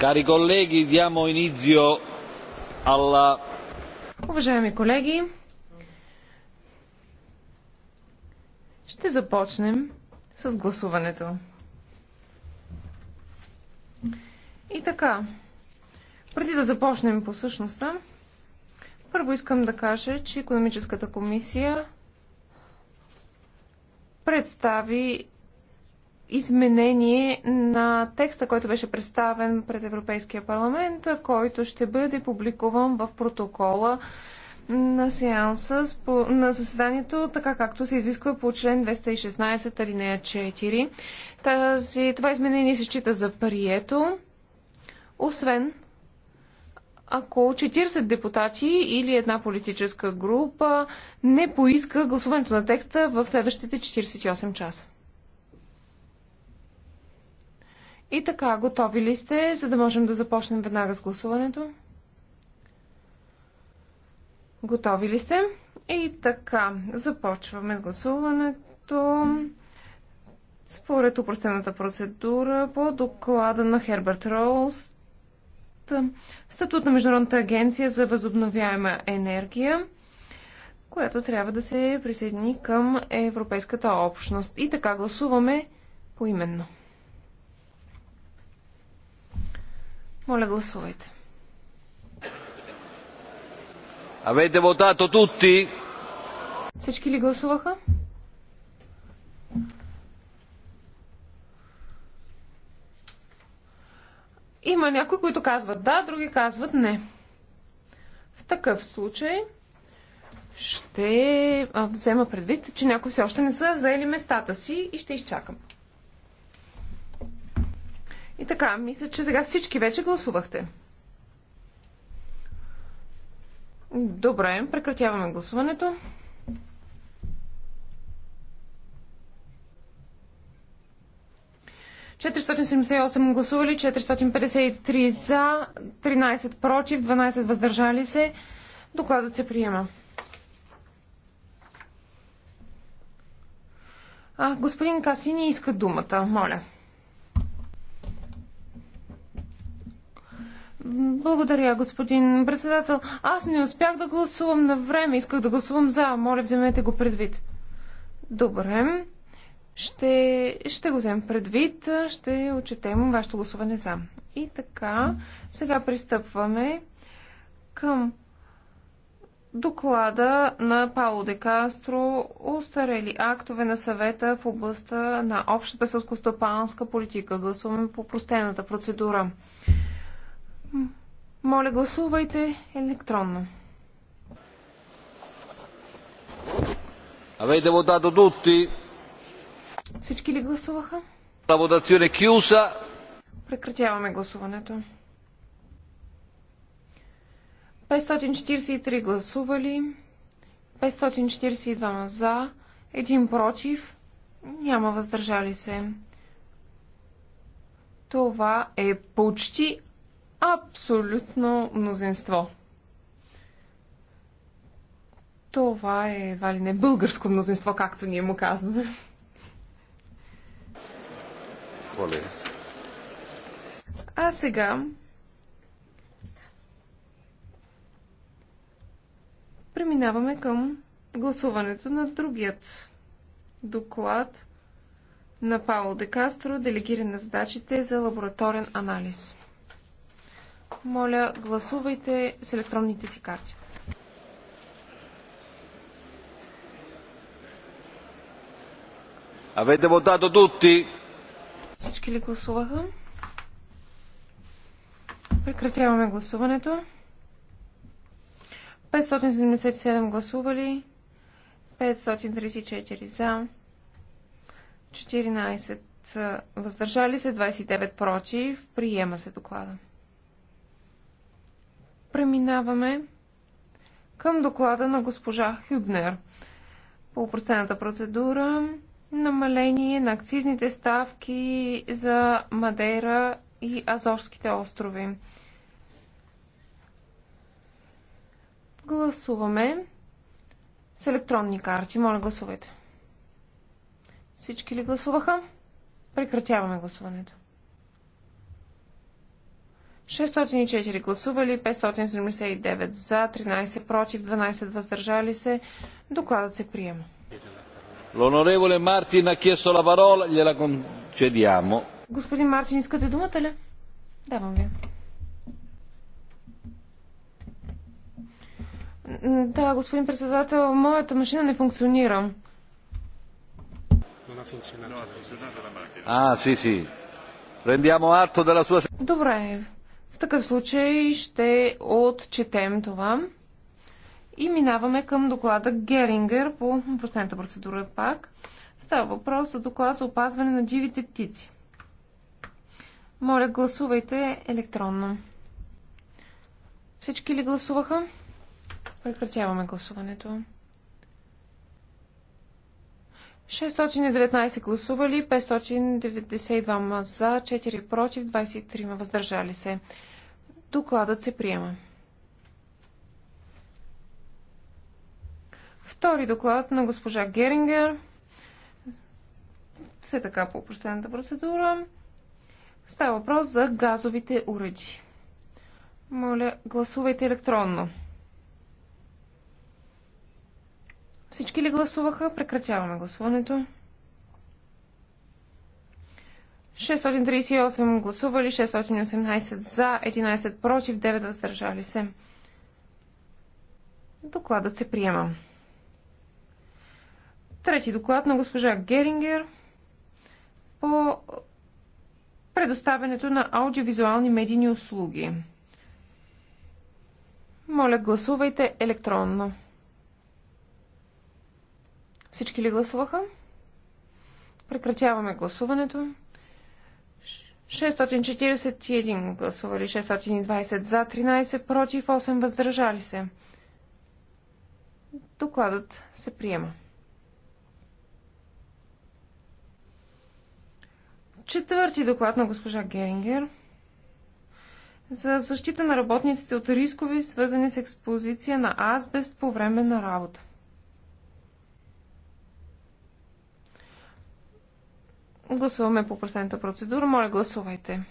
Кари колеги, дямо инизио алла... Уважаеми колеги, ще започнем с гласуването. И така, преди да започнем по същността, първо искам да кажа, че економическата комисия представи изменение на текста, който беше представен пред Европейския парламент, който ще бъде публикуван в протокола на сеанса на заседанието, така както се изисква по член 216 алинея 4. Тази, това изменение се счита за прието, освен ако 40 депутати или една политическа група не поиска гласуването на текста в следващите 48 часа. И така, готови ли сте, за да можем да започнем веднага с гласуването? Готови ли сте? И така, започваме гласуването според упростената процедура по доклада на Херберт Роуз статут на Международната агенция за възобновяема енергия, която трябва да се присъедини към Европейската общност. И така гласуваме поименно. Моля, гласувайте. Авете вотато тутти! Всички ли гласуваха? Има някои, които казват да, други казват не. В такъв случай ще взема предвид, че някои все още не са заели местата си и ще изчакам. И така, мисля, че сега всички вече гласувахте. Добре, прекратяваме гласуването. ...478 гласували, 453 за, 13 против, 12 въздържали се. Докладът се приема. А, господин Касини иска думата, моля. Благодаря, господин председател. Аз не успях да гласувам на време. Исках да гласувам за. Моля, вземете го предвид. Добре. Ще, ще го вземем предвид. Ще отчетем вашето гласуване за. И така, сега пристъпваме към доклада на Пауло де Кастро устарели актове на съвета в областта на общата сълскостопанска политика. Гласуваме по простената процедура. Моля, гласувайте електронно. Avete votato tutti? Всички ли гласуваха? La votazione chiusa. Прекратяваме гласуването. 543 гласували, 542 за, Един против, няма въздържали се. Това е почти абсолютно мнозинство. Това е едва ли не българско мнозинство, както ние му казваме. А сега преминаваме към гласуването на другият доклад на Пауло Де Кастро, делегиране на задачите за лабораторен анализ. Моля, гласувайте с електронните си карти. Avete votato tutti? Всички ли гласуваха? Прекратяваме гласуването. 577 гласували, 534 за, 14 въздържали се, 29 против. Приема се доклада преминаваме към доклада на госпожа Хюбнер. По упростената процедура намаление на акцизните ставки за Мадейра и Азорските острови. Гласуваме с електронни карти. Моля, гласувайте. Всички ли гласуваха? Прекратяваме гласуването. 604 гласували, 579 за, 13 против, 12 въздържали се. Докладът се приема. Лонореволе Мартин ha chiesto la parola, gliela concediamo. Господин Мартин, искате думата ли? Давам ви. Да, господин председател, моята машина не функционира. А, си, си. Prendiamo atto della sua... Добре, в такъв случай ще отчетем това. И минаваме към доклада Герингер по простената процедура пак. Става въпрос за доклад за опазване на дивите птици. Моля, гласувайте електронно. Всички ли гласуваха? Прекратяваме гласуването. 619 гласували, 592 за, 4 против, 23 въздържали се. Докладът се приема. Втори доклад на госпожа Герингер. Все така по простената процедура. Става въпрос за газовите уреди. Моля, гласувайте електронно. Всички ли гласуваха? Прекратяваме гласуването. 638 гласували, 618 за, 11 против, 9 въздържали се. Докладът се приема. Трети доклад на госпожа Герингер по предоставянето на аудиовизуални медийни услуги. Моля, гласувайте електронно. Всички ли гласуваха? Прекратяваме гласуването. 641 гласували, 620 за, 13 против, 8 въздържали се. Докладът се приема. Четвърти доклад на госпожа Герингер за защита на работниците от рискови, свързани с експозиция на азбест по време на работа. Гласуваме по процента процедура. Моля, гласувайте.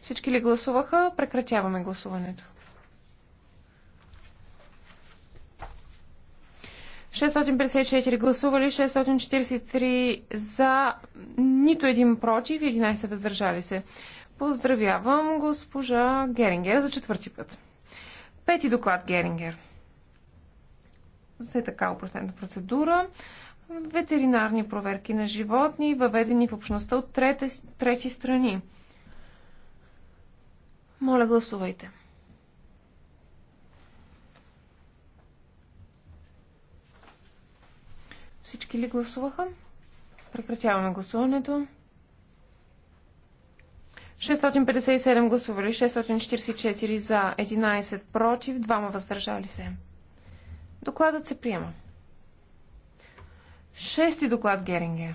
Всички ли гласуваха? Прекратяваме гласуването. 654 гласували, 643 за, нито един против, 11 въздържали се. Поздравявам госпожа Герингер за четвърти път. Пети доклад Герингер. Все така упростена процедура ветеринарни проверки на животни, въведени в общността от трети, трети страни. Моля, гласувайте. Всички ли гласуваха? Прекратяваме гласуването. 657 гласували, 644 за, 11 против, 2 въздържали се. Докладът се приема. Шести доклад Геринге.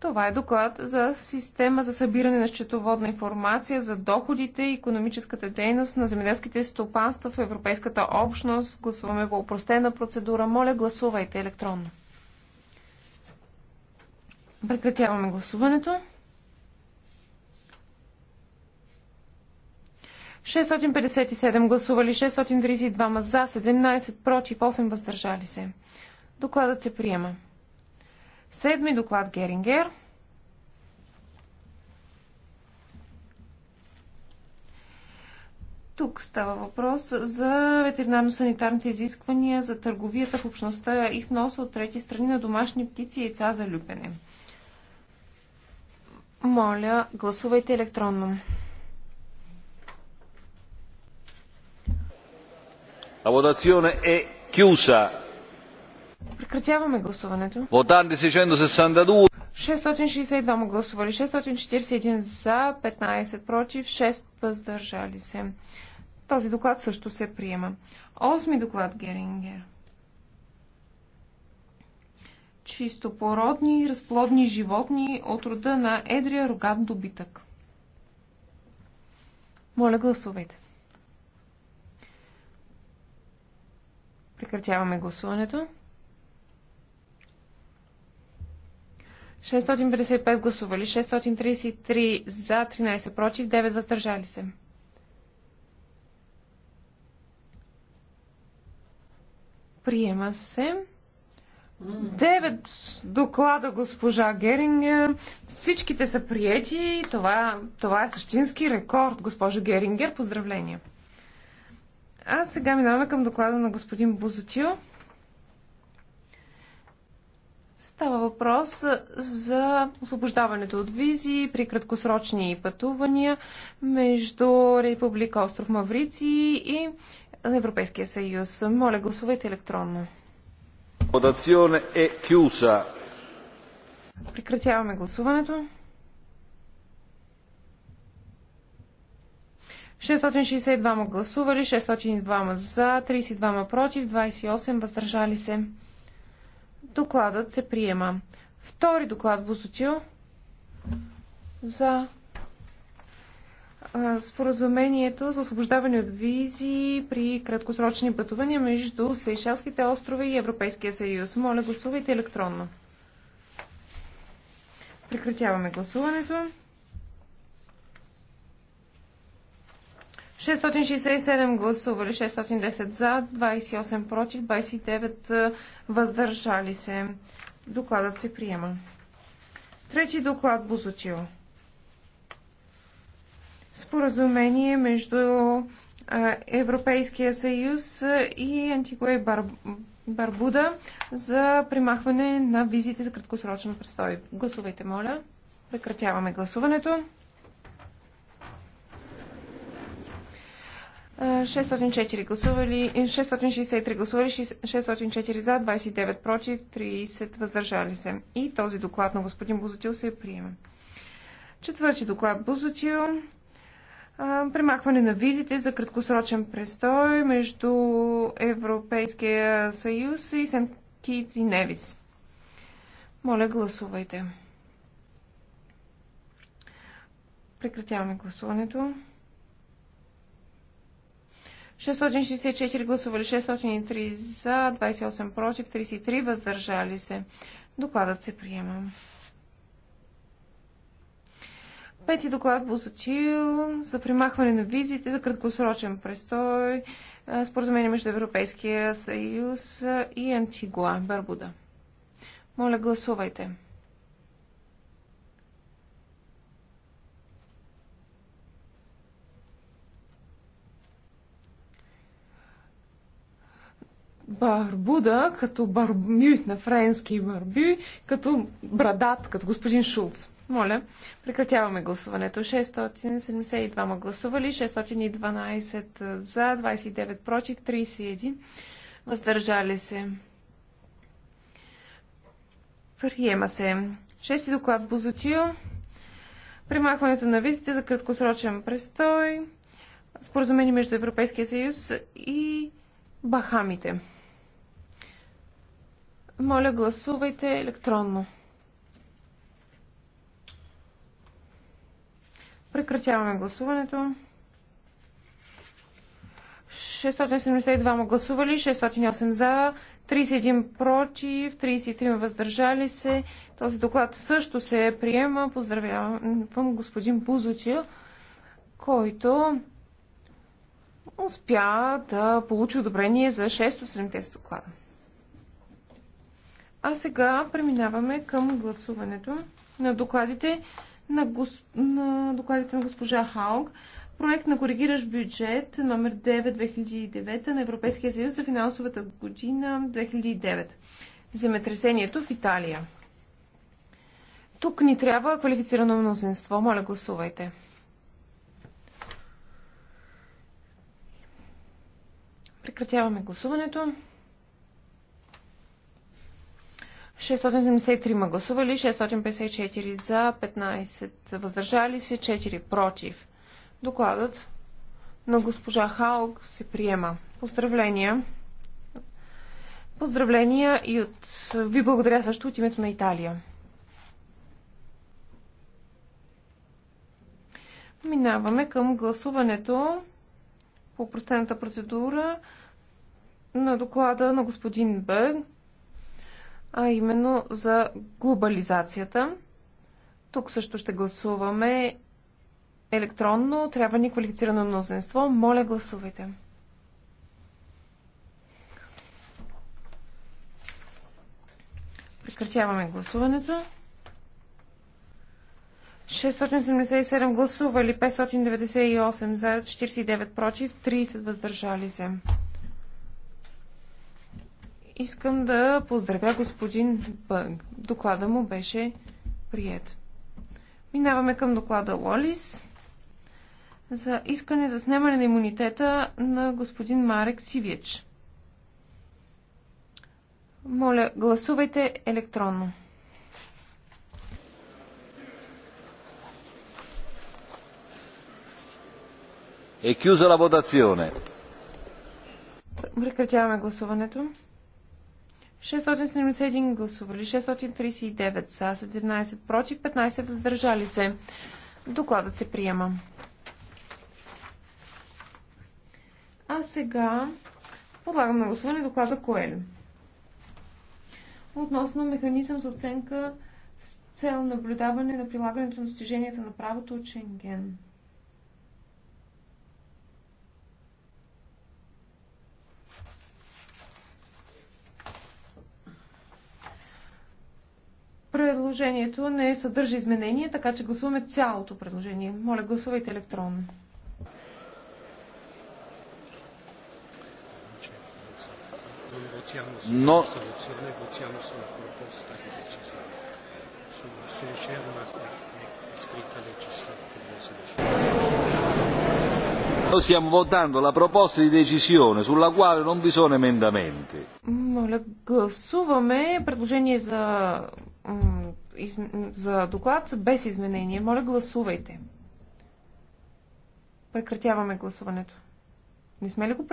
Това е доклад за система за събиране на счетоводна информация за доходите и економическата дейност на земеделските стопанства в Европейската общност. Гласуваме по упростена процедура. Моля, гласувайте електронно. Прекратяваме гласуването. 657 гласували, 632 за, 17 против, 8 въздържали се. Докладът се приема. Седми доклад Герингер. Тук става въпрос за ветеринарно-санитарните изисквания за търговията в общността и вноса от трети страни на домашни птици и яйца за люпене. Моля, гласувайте електронно. votazione è chiusa. Прекратяваме гласуването. Votanti 662. 662 гласували, 641 за, 15 против, 6 въздържали се. Този доклад също се приема. Осми доклад Герингер. Чистопородни и разплодни животни от рода на едрия рогат добитък. Моля, гласувайте. Прекратяваме гласуването. 655 гласували, 633 за, 13 против, 9 въздържали се. Приема се. Девет доклада госпожа Герингер. Всичките са приети. Това, това е същински рекорд, госпожо Герингер. Поздравления! А сега минаваме към доклада на господин Бузотио. Става въпрос за освобождаването от визи при краткосрочни пътувания между Република Остров Маврици и Европейския съюз. Моля, гласувайте електронно. Прекратяваме гласуването. 662 гласували, 602 за, 32 против, 28 въздържали се. Докладът се приема. Втори доклад Бусотил за споразумението за освобождаване от визи при краткосрочни пътувания между Сейшалските острови и Европейския съюз. Моля, гласувайте електронно. Прекратяваме гласуването. 667 гласували, 610 за, 28 против, 29 е, въздържали се. Докладът се приема. Трети доклад Бузотил. Споразумение между е, Европейския съюз и Антигуа и Бар... Барбуда за примахване на визите за краткосрочен престой. Гласувайте, моля. Прекратяваме гласуването. 604 гласували, 663 гласували, 604 за, 29 против, 30 въздържали се. И този доклад на господин Бузотил се приема. Четвърти доклад Бузотил. Премахване на визите за краткосрочен престой между Европейския съюз и Сент Китс и Невис. Моля, гласувайте. Прекратяваме гласуването. 664 гласували, 603 за, 28 против, 33 въздържали се. Докладът се приема. Пети доклад Бузатил за примахване на визите за краткосрочен престой, споразумение между Европейския съюз и Антигуа, Барбуда. Моля, гласувайте. Барбуда, като барби на френски барби, като брадат, като господин Шулц. Моля, прекратяваме гласуването. 672 гласували, 612 за, 29 против, 31 въздържали се. Приема се. Шести доклад Бозотио. Премахването на визите за краткосрочен престой. Споразумение между Европейския съюз и Бахамите. Моля, гласувайте електронно. Прекратяваме гласуването. 672 гласували, 608 за, 31 против, 33 въздържали се. Този доклад също се приема. Поздравявам господин Бузотия, който успя да получи одобрение за 6 от 7 доклада. А сега преминаваме към гласуването на докладите на, гос... на, докладите на госпожа Хаук. Проект на коригиращ бюджет номер 9-2009 на Европейския съюз за финансовата година 2009. Земетресението в Италия. Тук ни трябва квалифицирано мнозинство. Моля, гласувайте. Прекратяваме гласуването. 673 гласували, 654 за, 15 въздържали се, 4 против. Докладът на госпожа Хаук се приема. Поздравления! Поздравления и от... ви благодаря също от името на Италия. Минаваме към гласуването по простената процедура на доклада на господин Бъг а именно за глобализацията. Тук също ще гласуваме електронно. Трябва ни квалифицирано мнозинство. Моля, гласувайте. Прекратяваме гласуването. 677 гласували, 598 за, 49 против, 30 въздържали се. Искам да поздравя господин Бънг. Доклада му беше прият. Минаваме към доклада Лолис за искане за снемане на имунитета на господин Марек Сивич. Моля, гласувайте електронно. Е chiusa la votazione. Прекратяваме гласуването. 671 гласували, 639 са, 17 против, 15 въздържали се. Докладът се приема. А сега подлагам на гласуване доклада Коел. Относно механизъм за оценка с цел наблюдаване на прилагането на достиженията на правото от Шенген. Предложението не съдържа изменения, така че гласуваме цялото предложение. Моля, гласувайте електронно. Но... Noi stiamo votando la proposta di decisione sulla quale non vi sono emendamenti. Моля, гласуваме предложение за за доклад без изменение. Моля, гласувайте. Прекратяваме гласуването. Не сме ли го прекратили?